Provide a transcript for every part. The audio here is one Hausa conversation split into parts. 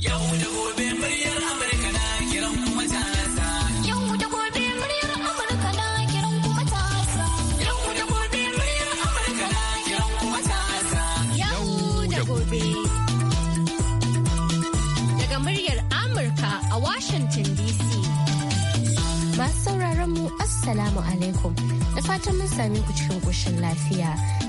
da gobe muryar Amurka na kiran da gobe muryar Amurka na kiran da gobe muryar Amurka na kiran da gobe. Daga muryar Amurka a Washington DC. Masu sauraron mu Assalamu alaikum. Da fatan mun same ku cikin ƙoshin lafiya.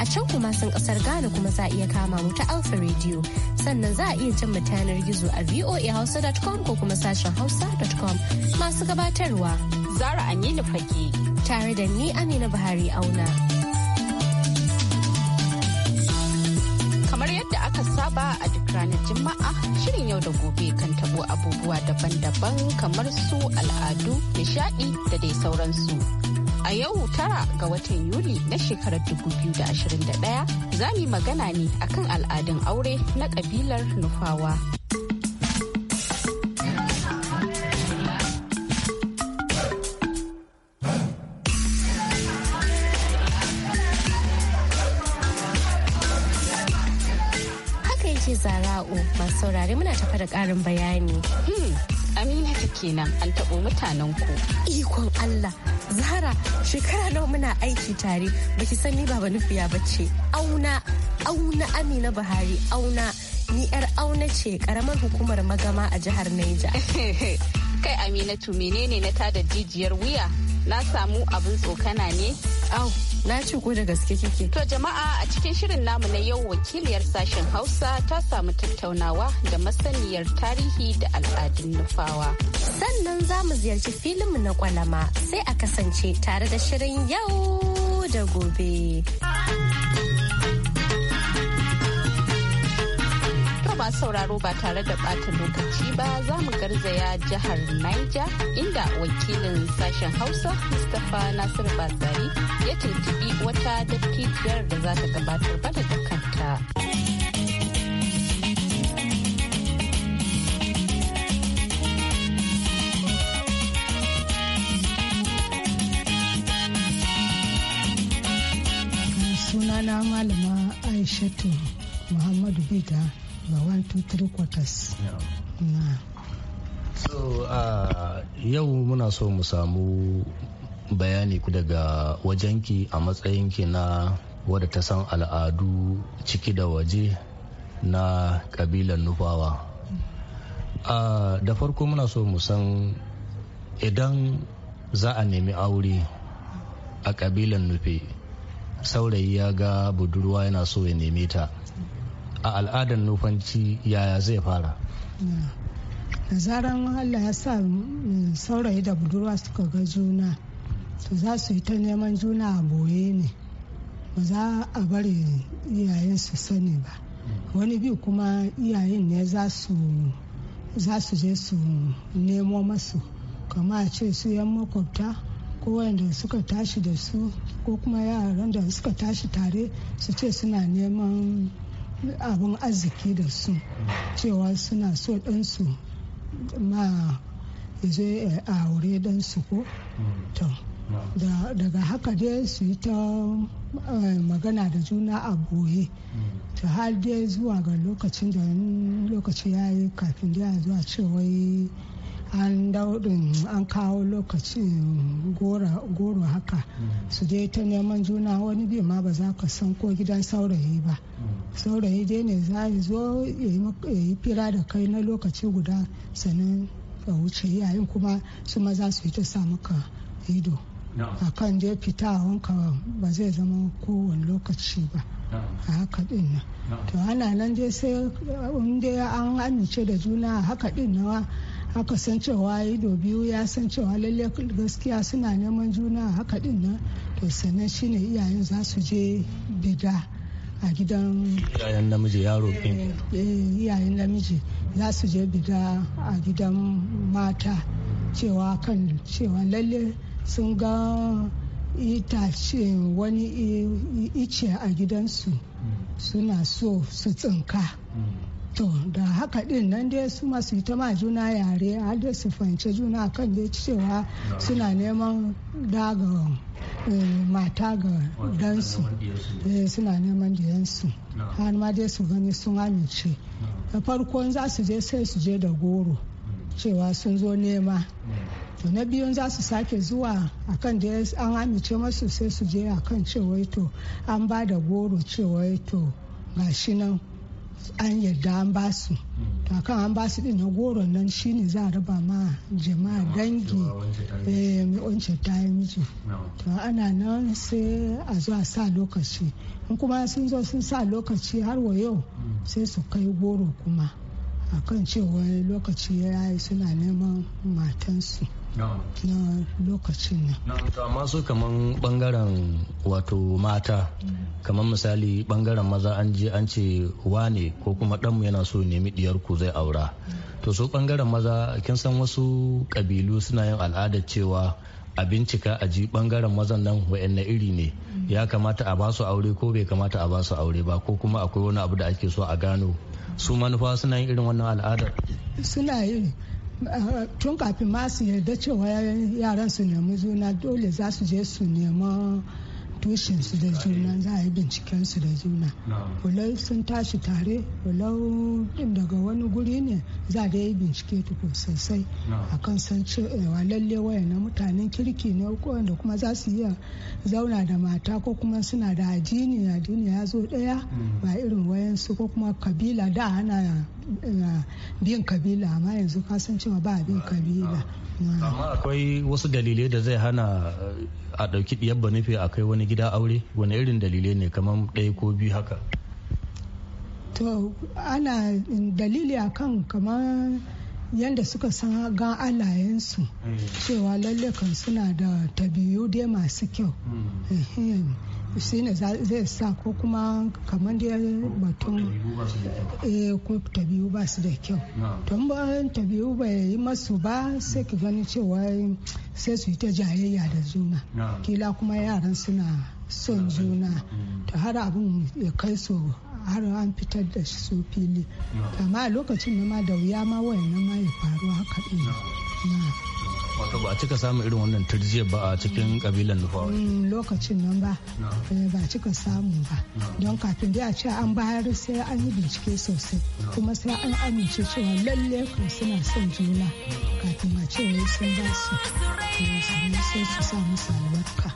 a can kuma sun kasar Ghana kuma za a iya kama mu ta Alpha Radio sannan za a iya jin mu yanar gizo a voahausa.com ko kuma sashen hausa.com masu gabatarwa Zara Aminu Fage tare da ni Amina Buhari Auna. Kamar yadda aka saba a duk ranar Juma'a shirin yau da gobe kan tabo abubuwa daban-daban kamar su al'adu, nishadi da dai sauransu. a yau tara ga watan Yuli na shekarar 2021 za mu magana ne akan al'adun aure na kabilar Nufawa. zara'u masu saurare muna tafa da ƙarin bayani. Hmm, Amina ta kenan an taɓo mutanen ku. Ikon Allah zahara shekara nawa muna aiki tare baki san ni baba nufiya ce auna auna amina buhari auna ni yar auna ce karamar hukumar magama a jihar Neja. kai aminatu menene na tada jijiyar wuya na samu abin tsokana ne au Na ce ko da gaske kike. To jama'a a cikin shirin namu na yau wakiliyar sashen Hausa ta samu tattaunawa da masaniyar tarihi da al'adun nufawa. Sannan za mu ziyarci filinmu na kwalama sai a kasance tare da shirin yau da gobe. To ba sauraro ba tare da ɓata lokaci ba za mu garzaya jihar Niger inda wakilin sashen Hausa Mustapha Nasir bazari ya tuntubi wata dattijiyar da za ta gabatar ba da kanta. sunana malama aishatu muhammadu bita ba one two three so uh, yau muna so mu samu bayani ku daga wajenki a matsayinki na wadda ta san al'adu ciki da waje na kabilan nufawa uh, da farko muna so mu san idan za a nemi aure a kabilan nufe saurayi ya ga budurwa yana so ya neme ta a al'adar nufanci yaya zai fara da zaran allah ya sa saurayi da budurwa suka ga juna to za su yi ta neman juna a boye ne ba za a bari iyayen su sani ba wani bi kuma iyayen ne za su je su nemo masu kama a ce su yan makwabta ko wanda suka tashi da su ko kuma yaran da suka tashi tare su ce suna neman abin arziki da su cewa suna so ɗansu ma zai a aure ɗansu ko to daga haka dai su yi ta eh, magana da juna a boye ta har dai zuwa ga lokacin da lokaci ya yi kafin da zuwa cewa an daudin an kawo lokacin goro haka su je ta neman juna wani bi ma ba za ka san ko gidan saurayi ba saurayi dai ne za a zo ya yi fira da kai na lokaci guda sannan a wuce yayin kuma su maza su yi ta sa maka ido a kan dai fita wanka ba zai zama kowane lokaci ba a haka din nan to ana nan dai sai inda an amince da juna a haka din nawa haka san cewa ido biyu ya san cewa lalle gaskiya suna neman juna a haka din nan to sannan shine iyayen za su je bida a gidan iyayen namiji yaro eh, eh, iyayen namiji za su je bida a gidan mata cewa kan cewa lalle sun ga itace wani ice a gidansu mm. suna so su tsinka mm. to da haka din nan dai su masu yi ta ma juna yare a da su fahimci juna kan dai cewa suna neman daga eh, mata ga dansu eh, suna neman da yansu har ma dai su gani sun amince da farkon za su je sai su je da goro cewa sun zo nema to na biyun za su sake zuwa akan da an amince masu sai su je akan cewa to an ba da goro cewa to ga shi nan an yarda an ba su to mm. akan an ba su na goron nan shine za a raba ma jama'a dangi wance ta yi miji eh, to ana nan sai a zo a sa lokaci in kuma sun zo sun sa lokaci har wa yau mm. sai su kai goro kuma akan cewa lokaci ya yi suna neman matansu na lokacin ne amma su kaman bangaren wato mata kamar misali bangaren maza an je an ce wane ko kuma ɗanmu yana so nemi ku zai aura to su bangaren maza kin san wasu ƙabilu suna yin al'adar cewa a bincika a ji bangaren mazan nan wa'anne iri ne ya kamata a basu aure ko bai kamata a basu aure ba ko kuma akwai wani abu da ake so a gano su manufa suna yin irin wannan al'adar suna yin. tun kafin ma su yarda cewa yaran su nemi juna dole za su je su nema tushensu da juna za a yi bincikensu da juna walau sun tashi tare walau daga wani guri ne za a yi bincike tuku sosai a kan san cewa lalle waya na mutanen kirki ne wanda kuma za su iya zauna da mata ko kuma suna da addini addini ya zo daya mm. ba irin wayansu ko kuma kabila da ana bin kabila amma yanzu ka cewa ba bin kabila amma akwai wasu dalilai da zai hana eh, a ɗauki ɗiyar nufi a kai wani gida aure wani irin dalilai ne kamar ɗaya ko biyu haka to ana dalili akan kamar yadda suka san ga alayensu hmm. cewa lalle suna da tabiyu dai masu kyau hmm. shi zai sa ko kuma kamar da batun eh, ko tabi'u ba su da kyau to in tabi'u bai yi masu ba sai ki gani cewa sai su yi ta jayayya da juna kila kuma yaran suna son juna ta mm. har abin ya kai su har an fitar da su fili amma lokacin lokacin ma da wuya ma wayan ma ya faru haka ɗin wato ba a cika samun irin wannan turjiyar ba a cikin kabilan mm. nufawa mm, lokacin nan ba eh, ba cika samu ba don kafin dai a ce an bayar sai an yi bincike sosai kuma sai an amince cewa lalle kan suna son juna kafin a ce sun ba su sai su sa musu albarka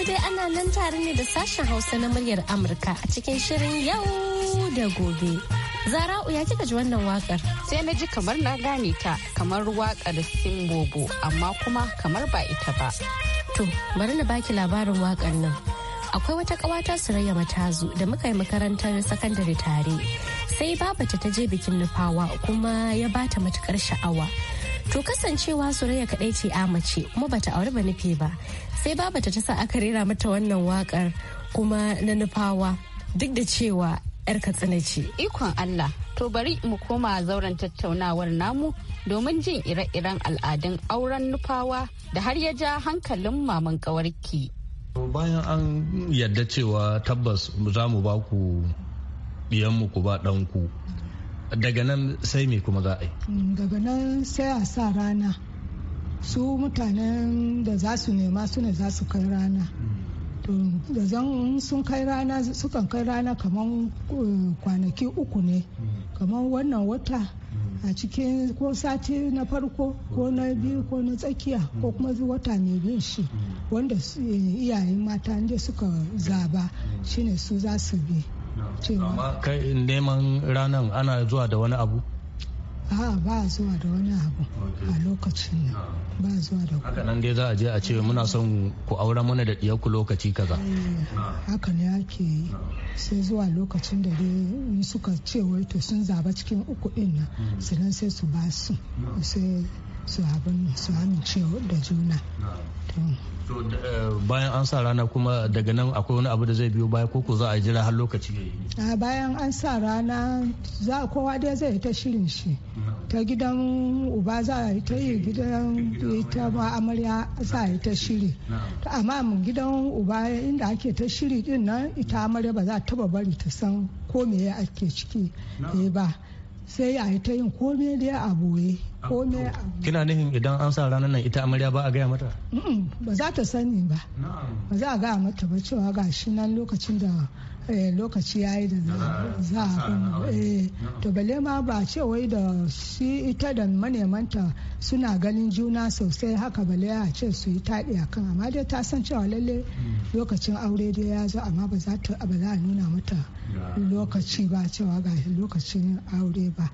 yanzu dai ana nan tare ne da sashen Hausa na muryar Amurka a cikin shirin yau da gobe. Zara'u ya kika ji wannan wakar? Sai na ji kamar na gane ta kamar wakar Simbobo amma kuma kamar ba ita ba. To, bari na baki labarin wakar nan. Akwai wata ƙawata Surayya Matazu da muka yi makarantar sakandare tare. Sai babata ta je bikin nufawa kuma ya bata matukar sha'awa. To kasancewa Suraya kadai ce a mace kuma bata auri ba nufi ba. Sai babata ta sa aka rera mata wannan wakar kuma na nufawa duk da cewa yar katsina ce. Ikon Allah, to bari mu koma zauren tattaunawar namu domin jin ire-iren al'adun auren nufawa da har ya ja hankalin maman kawarki. Bayan an yadda cewa tabbas za mu ba ku mu ku ba ɗanku. daga nan sai me kuma za a yi mm, daga nan sai a sa rana su mutanen da za su nema su ne za su kai rana to da zan sun kai rana sukan kai rana kamar eh, kwanaki uku ne kamar wannan wata a cikin ko sati na farko ko na biyu ko na tsakiya ko kuma wata mai bin shi wanda eh, iyayen mata inda suka zaba shine su za su bi kai neman ranar ana zuwa da wani abu a'a ba zuwa da wani abu a lokacin nan ah. ba zuwa da haka nan dai za a je a ce muna son ku aura mana da ku lokaci kaza eh, ah. haka ne ake yi ah. sai zuwa lokacin da dai suka ce wai to sun zaba cikin uku din nan hmm. sannan sai su ba su sai su abin su amince da juna eh, bayan an sa rana kuma daga nan akwai wani abu da zai biyo baya koko za a jira har lokaci a bayan an sa rana za kowa dai zai ta shirin shi ta gidan uba za a ta yi gidan ta amarya za a ta shiri amma gidan uba inda ake ta shiri din nan ita amarya ba za ta taba bari ta san ko me ake ciki eh, ba sai a yi ta yin kome da a boye a kina nufin idan an sa ranar nan ita amarya ba a gaya mata ba za ta sani ba ba za a gaya mata ba cewa ga shi nan lokacin da Eh, lokaci ya yi da za a eh, to bale ma ba ce wai da shi ita da manemanta suna ganin juna sosai haka bale ya ce su yi taɗi a kan amma dai ta san cewa lalle hmm. lokacin aure dai ya zo amma ba za a nuna mata lokaci ba cewa ga lokacin aure ba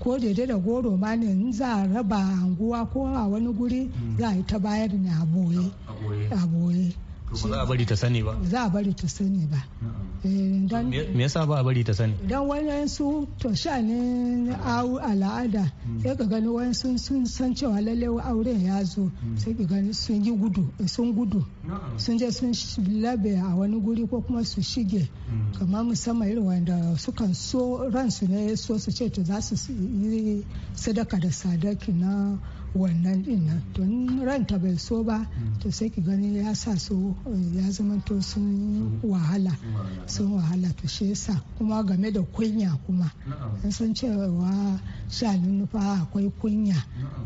ko daidai da goro ma ne za a raba anguwa ko a wani guri hmm. za a yi ta bayar ne a boye ba za a bari ta sani ba za a bari ta sani ba eh, me yasa ba a bari ta sani dan wani su to sha ne awu al'ada mm. sai ka gani wani sun sun san cewa lalle auren ya zo mm. sai ka gani sun yi gudu sun gudu sun je sun labe a wani guri ko kuma su shige mm. kamar musamman irin wanda sukan so ransu ne so su ce to za su yi sadaka da sadaki na wannan din nan don ranta bai so ba mm. to sai ki gani ya sa su ya to sun wahala sun wahala to shi yasa kuma game da kunya kuma in san cewa shanun nufa akwai kunya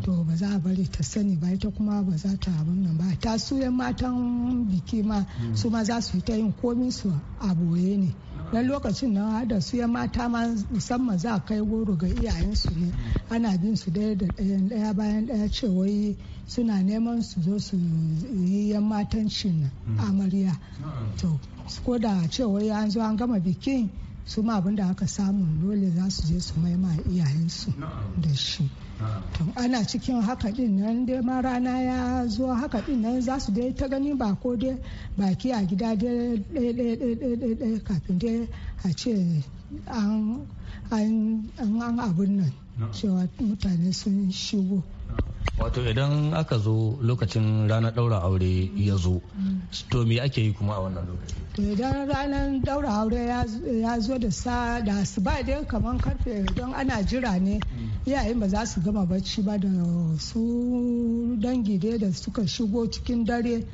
to ba za a bari ta sani ba ita kuma ba za ta abun nan ba ta su yan matan biki ma mm. su ma za su yi ta yin komi su aboye boye ne na lokacin na da su ya mata ma musamman za a kai goro ga iyayensu ne ana bin su daya da daya ɗaya bayan ɗaya ce wai suna neman su zo su yi yan cin amarya to ko da cewa an zo an gama bikin su ma abinda aka samu dole za su je su maima iyayensu da shi Ah. ana cikin haka din nan dai ma rana ya zo haka din nan za su dai ta gani ba ko dai baki a gida dai kafin dai a ce an abin nan cewa mutane sun shigo wato idan aka zo lokacin ranar daura aure ya zo to me ake yi kuma a wannan lokaci idan ranar daura aure ya zo da sa da su ba dai kamar karfe don ana jira ne yayin ba za su gama bacci ba da su dangi dai da suka shigo cikin dare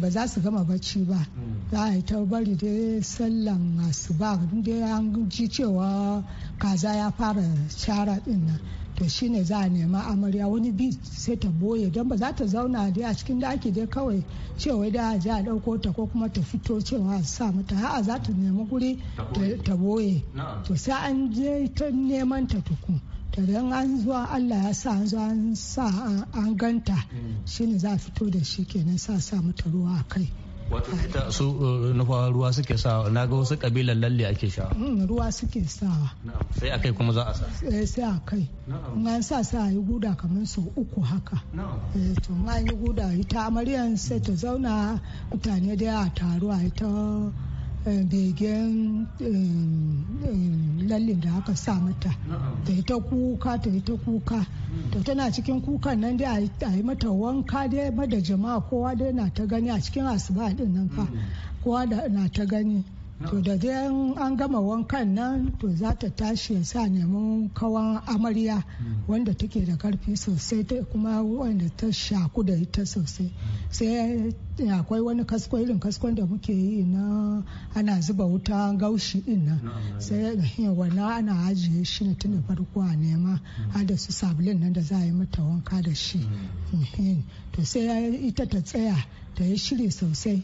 ba za su gama bacci ba mm. za a yi ta bari dai sallan ba dai an ji cewa kaza ya fara shara din nan to shine za a nema amarya wani bi sai ta boye don ba za ta zauna dai a cikin daki dai kawai cewa da a ji a ɗauko ta ko kuma ta fito cewa a sa mata ha'a za ta nemi guri ta boye to sai an je ta neman ta tuku. ta don an zuwa allah ya sa an zuwa an sa an ganta shine za a fito da shi kenan sa sa mata ruwa a kai wato ita su eh, nufa ruwa suke sawa na ga wasu kabilan lalle ake sha mm, ruwa suke sawa sai akai kuma za a sa eh, sai akai kai. an sa sa a yi guda kamar su uku haka eh, to in an yi guda ita amaryan sai ta zauna mutane da a taru a ita Eh, begen eh, eh, lallin da aka sa mata ta yi ta kuka ta yi ta kuka hmm. to tana cikin kukan nan dai a yi mata wanka dai mada jama'a kowa dai na ta gani a cikin asuba din nan fa hmm. kowa na ta gani to da dai an gama wankan nan to za ta tashi ya sa neman kawan amarya mm. wanda take da karfi sosai ta kuma wanda ta shaku da ita sosai mm. sai eh, akwai wani kasko irin kaskon da muke yi na ana zuba wuta gaushi din nan sai wannan ana ajiye shi na tun farko a nema mm. har da su sabulin nan da za a yi mata wanka da shi eh, to sai ita ta tsaya ta yi shiri sosai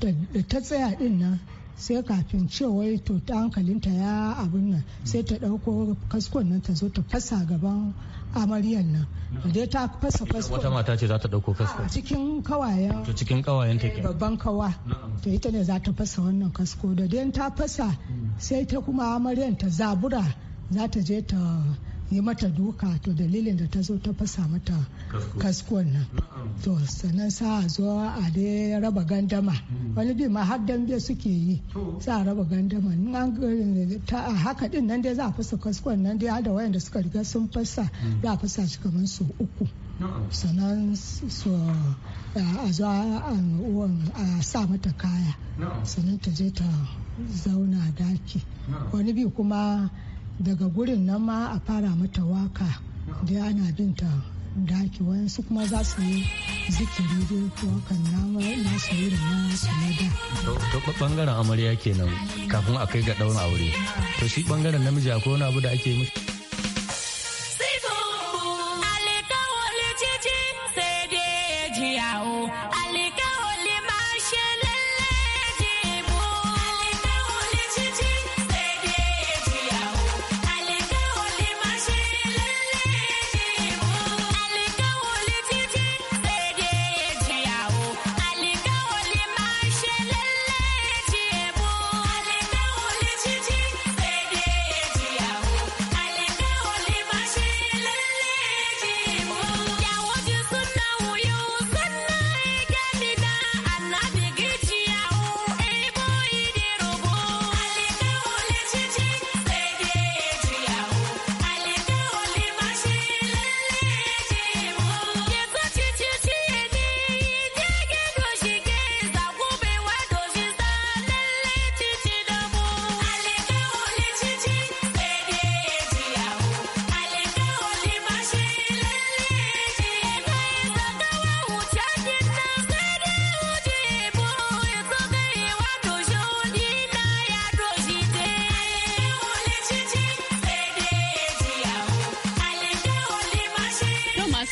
da ta tsaya din nan sai kafin cewa to ta hankalinta ya abin nan sai ta ɗauko kaskon nan ta zo ta fasa gaban amaryan nan dai ta fasa kasko wata mata ce za ta dauko a cikin kawayen to cikin kawayen take eh, babban kawa to ita ne za ta fasa wannan kasko da dai ta fasa hmm. sai ta kuma amaryan ta zabura za ta je ta yi mata duka to dalilin da ta zo ta fasa mata kaskuwan nan to sannan sa a zo a dai raba gandama hmm. wani bi ma har dambe suke yi sa a raba gandama a haka din nan dai za a fasa kaskuwan nan dai da wayanda suka riga sun fasa hmm. za a fasa shi kamar su uku sannan su a zo a sa mata kaya sannan ta je ta zauna daki wani bi kuma daga gurin nan ma a fara mata waka da ana binta daki wayansu kuma za su yi zikiri da wakan nama na su da na su na da. To bangaren amarya kenan kafin a kai ga ɗaurin aure. To shi bangaren namiji akwai wani abu da ake mishi.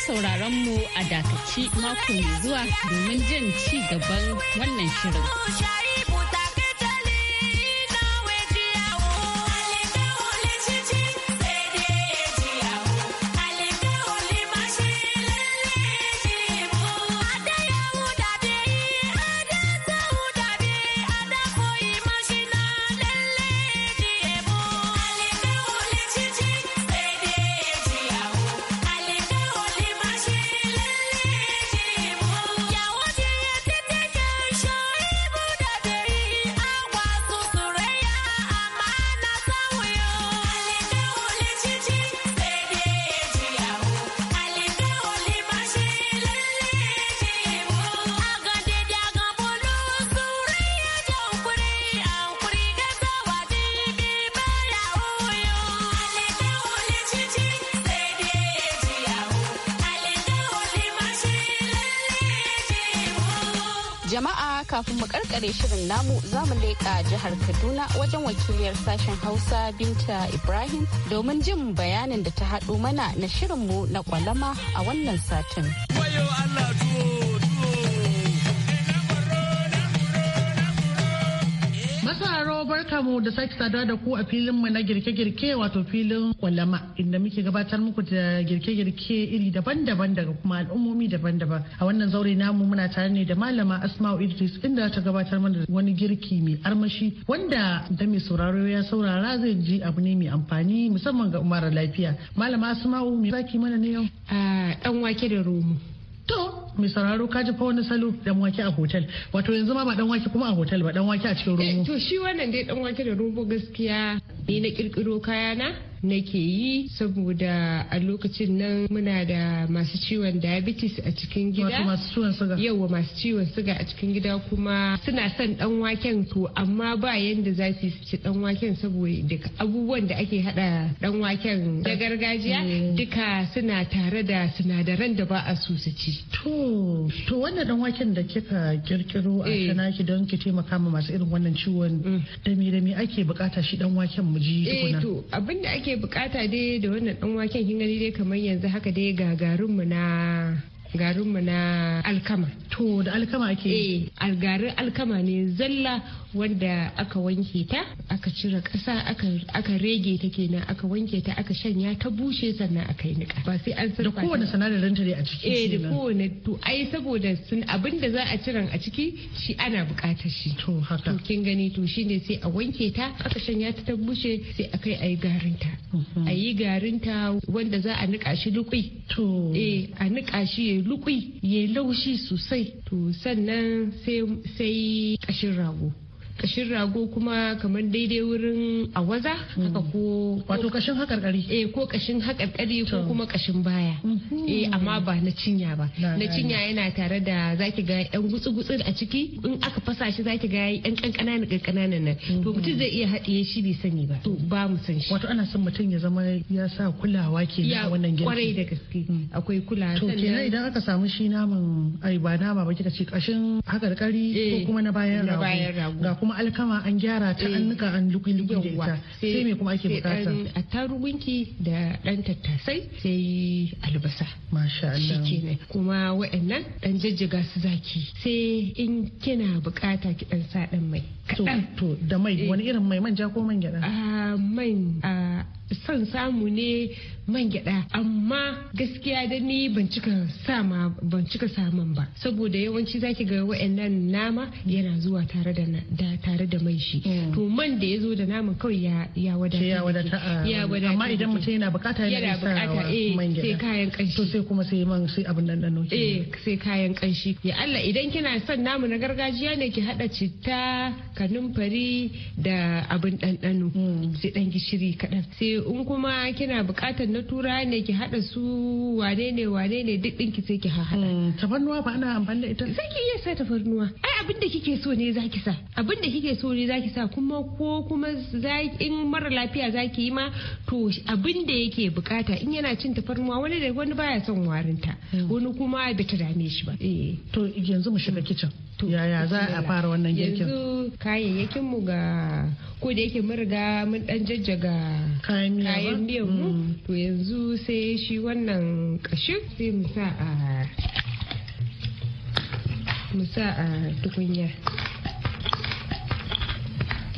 sauraron mu a dakaci mako mai zuwa domin jin ci gaban wannan shirin. kafin mu karkare shirin namu za mu leƙa jihar Kaduna wajen wakiliyar sashen Hausa Binta Ibrahim domin jin bayanin da ta haɗo mana na shirin mu na kwalama a wannan satin. Allah barka mu da sake saduwa da ku a filin mu na girke-girke wato filin kwalama inda muke gabatar muku da girke-girke iri daban-daban daga kuma al'ummomi daban-daban. A wannan zaure namu muna tare ne da malama Asma'u Idris inda ta gabatar mana wani girki mai armashi wanda da mai sauraro ya saurara zai ji abu ne mai amfani musamman ga mara lafiya. Malama Asma'u mai zaki mana ne yau? Dan ah, wake da romo. To mai sauraro ka ji fa wani salo dan wake a hotel wato yanzu ma ba dan wake kuma a hotel ba dan wake a cikin eh, romo to shi wannan dai dan wake da romo gaskiya ni na kirkiro kayana nake yi saboda a lokacin nan muna da masu ciwon diabetes a cikin gida masu ciwon suga yawa masu ciwon suga a cikin gida kuma suna son dan waken to amma ba yanda za su ci dan waken saboda abubuwan da ake hada dan waken da gargajiya mm. duka suna tare da sinadaran da ba a so su ci to to wannan dan waken da kika kirkiro a kanaki eh. don ki taimaka ma masu irin wannan ciwon Dami mm. dami ake bukata shi dan waken mu ji eh, tukuna to abinda ake bukata dai da wannan dan waken kin gani dai kamar yanzu haka dai gagarin na garinmu na alkama to da alkama ake eh algarin alkama ne zalla wanda aka wanke ta aka cire ƙasa aka rege ta kenan aka wanke ta aka shanya ta bushe sannan aka yi niƙa ba sai an sarrafa da kowane sanadarin ta a ciki eh da kowane to ai saboda sun abin da za a ciran a ciki shi ana buƙatar shi to haka to kin gani to shine sai a wanke ta aka shanya ta ta bushe sai a a ayi garin ta mhm. ayi garin ta wanda za a niƙa shi lukui to eh a niƙa shi lukui ya laushi sosai to sannan sai kashin rago kashin rago kuma kamar daidai wurin awaza haka ko wato kashin hakarkari eh ko kashin hakarkari ko kuma kashin baya mhm. eh amma ba na cinya ba na cinya yana tare da zaki ga yan gutsu gutsu a ciki in aka fasa shi zaki ga yan kankana ne nan to mhm. mutum zai iya haɗiye shi bai sani ba to ba mu san shi wato ana son mutum ya zama ya sa kulawa ke na wannan girki kwarai da gaske mm. akwai kulawa to kenan idan aka samu shi naman ai ba nama ba kika ce kashin hakarkari eh. ko kuma na bayan rago kuma alkama an gyara ta an nuka an da ita sai me kuma ake bukata a tarugunki da dan tattasai sai albasa masha Allah shikenan kuma waɗannan dan jajjaga su zaki sai in kina bukata ki dan sa dan mai kadan to da mai eh. wani irin mai manja ko man gyada ah, man ah, son samu ne man gyada amma gaskiya da ni ban cika sama ban cika saman ba saboda yawanci zaki ga wa'annan nama yana zuwa tare da da tare da mai shi mm. to man da ya zo da naman kawai ya ya wadata ya wadata ah, amma idan mutum yana bukata yana bukata eh sai kayan kanshi to sai kuma sai man sai abin nan dan eh sai kayan kanshi ya Allah idan kina son namu na gargajiya ne ki hada citta kanumfari da abin ɗanɗano mm. sai dan gishiri kaɗan sai in kuma kina bukatar na tura ne ki hada su wane ne wane ne duk dinki sai ki hada hmm, tafarnuwa ba ana amfani da ita sai ki iya sa tafarnuwa ai abin da kike so ne zaki sa abin da kike so ne zaki sa kuma ko kuma in mara lafiya zaki yi ma to abin da yake bukata in yana cin tafarnuwa wani da wani baya son warinta hmm. wani kuma da ta dame shi ba eh, to yanzu mu shiga kicin yaya za a fara wannan girkin yanzu kayayyakin mu ga ko da yake mun riga mun dan jajjaga kayan miyan mu hmm. to yanzu sai shi wannan kashin sai mu sa a mu sa a tukunya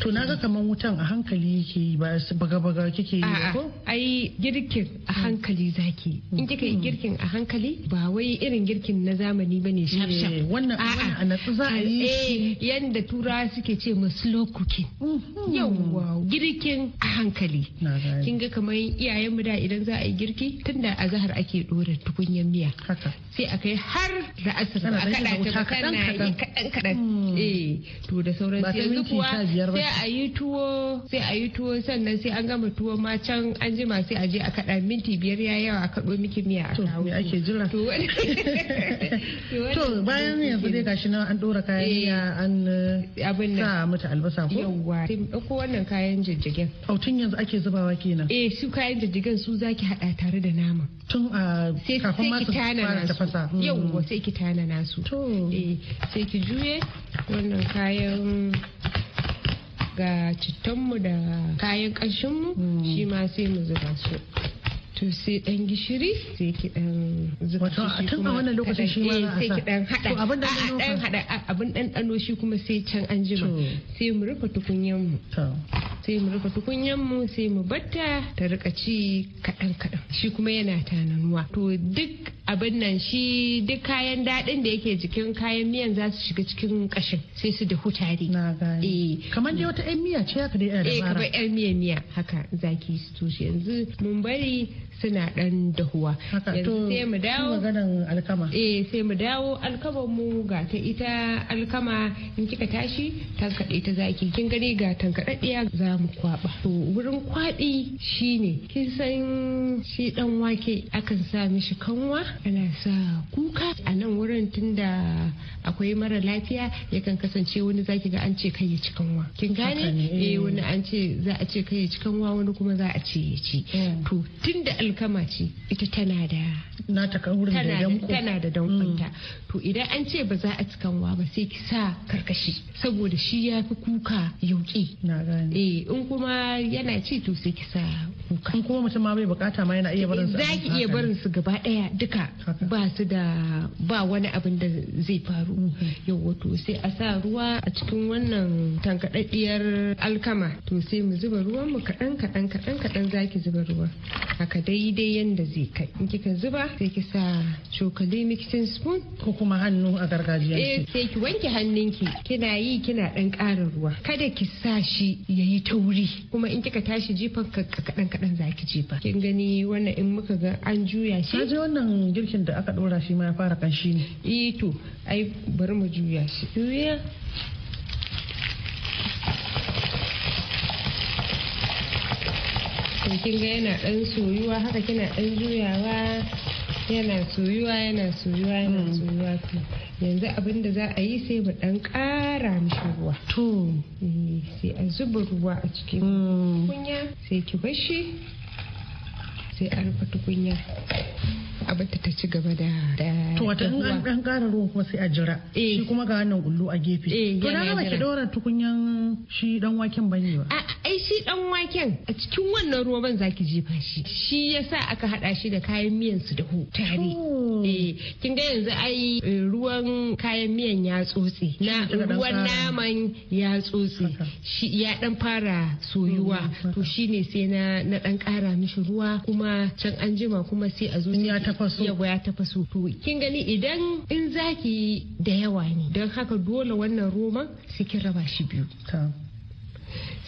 to naga kamar wutan a hankali yake ba su baga-baga kike yi ko ai girkin a mm. hankali zaki in kika yi mm. girkin a hankali ba wai irin girkin na zamani bane shi ne. wannan a natsu za a yi eh, yanda tura suke ce ma slow cooking mm-hmm. yawwa girkin a hankali kin ga kamar iyayen mu da idan za a yi girki tunda a zahar ake dora tukunyar miya sai a kai har da asir a kada ta kadan kadan mm. eh to da sauran sai yanzu kuwa sai a yi tuwo sai a yi tuwo sannan sai an gama tuwo ma can an jima sai a je a kaɗa minti biyar ya yawa a kaɗo miki miya a kawo. To ake jira. To bayan yanzu zai gashi nan an ɗora kayan eh, miya an eh, eh, sa mata albasa ko. Yawwa sai mu ɗauko wannan kayan jijjigen. Oh tun yanzu ake zubawa kenan. Eh su kayan jijjigen su zaki haɗa tare da nama. Tun a ah, kafin ma su fara tafasa. Mm. Yawwa sai ki tana nasu. To. Eh sai ki juye wannan kayan ga cittanmu da kayan ƙanshinmu hmm. shi ma sai mu zuba su to sai dan gishiri sai ki dan zuba wato a tun a wannan lokacin shi ma eh, sai ki dan hada to abin dan hada abin dan dano shi kuma sai can an jima sai mu rufe tukunyan mu sai mu rufe tukunyan mu sai mu batta ta rika ci kadan kadan shi kuma yana tananuwa to duk abin nan shi duk kayan daɗin da yake jikin kayan miyan za su shiga cikin kashin sai su da hutare. Na gani. Eh. Kamar dai wata 'yan miya ce haka dai 'yan Eh kamar 'yan miya miya haka zaki su tushe yanzu mun bari suna dan dahuwa yanzu sai mu dawo alkama eh sai mu dawo mu ga ta ita alkama in kika tashi tankaɗe ta zaki kin gani ga tankaɗaɗɗiya za mu kwaba to wurin kwaɗi shine kin san shi dan wake akan sa mishi kanwa ana sa kuka a nan wurin tunda akwai mara lafiya yakan kasance wani zaki ga an ce kai ya ci kanwa kin gane eh, eh wani an ce za a ce kai ya ci kanwa wani kuma za a ce ya ci mm. to tunda alkama ce ita tana da nata kaurin da danko tana da dankonta mm. to idan an ce ba za a cikanwa ba sai ki sa karkashi saboda shi ya fi kuka yauki eh in kuma yana ci to sai ki sa kuka in kuma mutum ma bai bukata ma yana iya barin su za ki iya barin su gaba daya duka ba su da ba wani abin da zai faru mm. yawa to sai a sa ruwa a cikin wannan tankadaddiyar alkama to sai mu zuba ruwan mu kadan kadan kadan kadan zaki zuba ruwa haka dai daidai dai yanda zai kai in kika zuba sai ki sa cokali mixing spoon ko kuma hannu a gargajiya eh sai ki wanke hannunki kina yi kina dan ƙara ruwa kada ki sa shi yayi tauri kuma in kika tashi jifan kadan kadan zaki jifa kin gani wannan in muka ga an juya shi kaje wannan girkin da aka dora shi ma ya fara kanshi ne eh to ai bari mu juya shi juya to kin ga yana dan soyuwa haka kina dan juyawa yana soyuwa yana soyuwa yana mm. soyuwa to yanzu abin da za a yi sai mu dan kara mishi ruwa to eh, sai a zuba ruwa a cikin mm. kunya sai ki bar shi sai a rufe tukunya a bata ta ci gaba da to wata an dan kara ruwan kuma sai a jira eh. shi kuma ga wannan gullu a gefe eh, to na ba ki dora tukunyan shi dan waken bane ba ai shi dan waken a cikin wannan ruwa ban zaki jefa shi shi yasa aka hada shi da kayan miyan su da hu tare eh kin ga yanzu ai eh, ruwan kayan miyan ya tsotse na ruwan naman ya tsotse shi ya dan fara soyuwa mm, to shine sai na dan kara mishi ruwa kuma kuma can an jima kuma sai a zo ya tafaso yawa ya to kin gani idan in zaki da yawa ne don haka dole wannan roman su kin raba shi biyu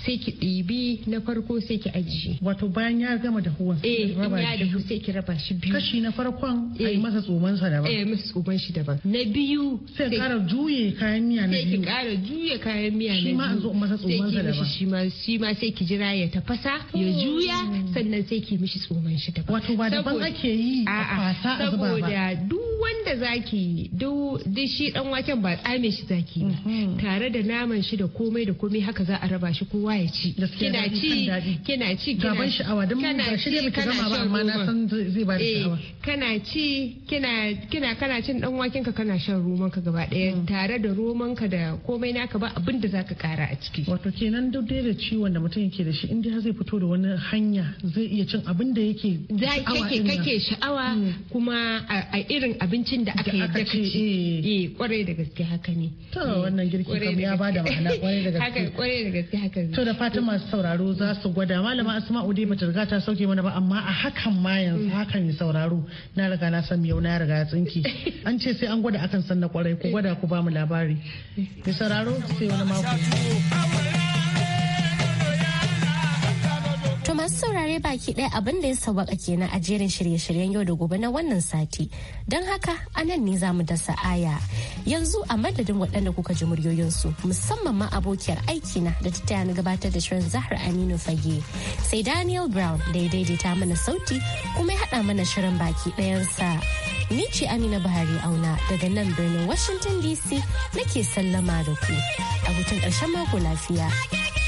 sai ki ɗibi na farko sai ki ajiye wato bayan ya gama da huwan eh ya dahu sai ki raba shi biyu kashi na farkon yi eh. masa tsoman sa daban eh masa tsoman shi daban na biyu sai kara juye kayan miya na biyu sai ki kara juye kayan miya na biyu shi ma zo masa tsoman sa daban shi ma shi ma sai ki jira ya tafasa ya hmm. juya sannan sai ki mishi tsoman shi daban wato ba daban ake yi a fasa a zuba ba saboda duk wanda zaki yi duk shi dan waken ba tsame shi zaki ba mhm. tare da naman shi da komai da komai haka za a raba shi kowa ya ci kina ci kina ci gaban sha'awa dan mun shi da muke zama ba amma na san zai ba da eh, sha'awa kana ci kina kina kana cin dan waken ka kana shan roman ka gaba daya mm. tare da roman ka da komai naka ba abinda da zaka kara a ciki wato kenan duk dai da ciwon da mutum yake da shi in dai zai fito da wani hanya zai iya cin abinda da yake za kake kake sha'awa mm. kuma a irin abin abincin da aka yadda ka ci eh. eh kwarai da gaske haka ne to eh, wannan girki kam ya bada ma'ana kwarai da gaske haka kwarai da gaske haka to da fatan masu sauraro za su gwada malama asma'u dai bata riga ta sauke mana ba amma a hakan ma yanzu mm. hakan ne sauraro na riga na san yau na riga tsinki an ce sai an gwada akan san na kwarai ku gwada ku ba mu labari da sauraro sai wani mako To masu saurare baki ɗaya abin da ya sauwaka kenan a jerin shirye-shiryen yau da gobe na wannan sati. Don haka a nan ne za mu dasa aya. Yanzu a madadin waɗanda kuka ji muryoyinsu musamman ma abokiyar aiki na da ta taya na gabatar da shirin Zahra Aminu Fage. Sai Daniel Brown da ya daidaita mana sauti kuma ya haɗa mana shirin baki ɗayansa. Ni ce Amina Buhari Auna daga nan birnin Washington DC nake sallama da ku. A hutun ƙarshen mako lafiya.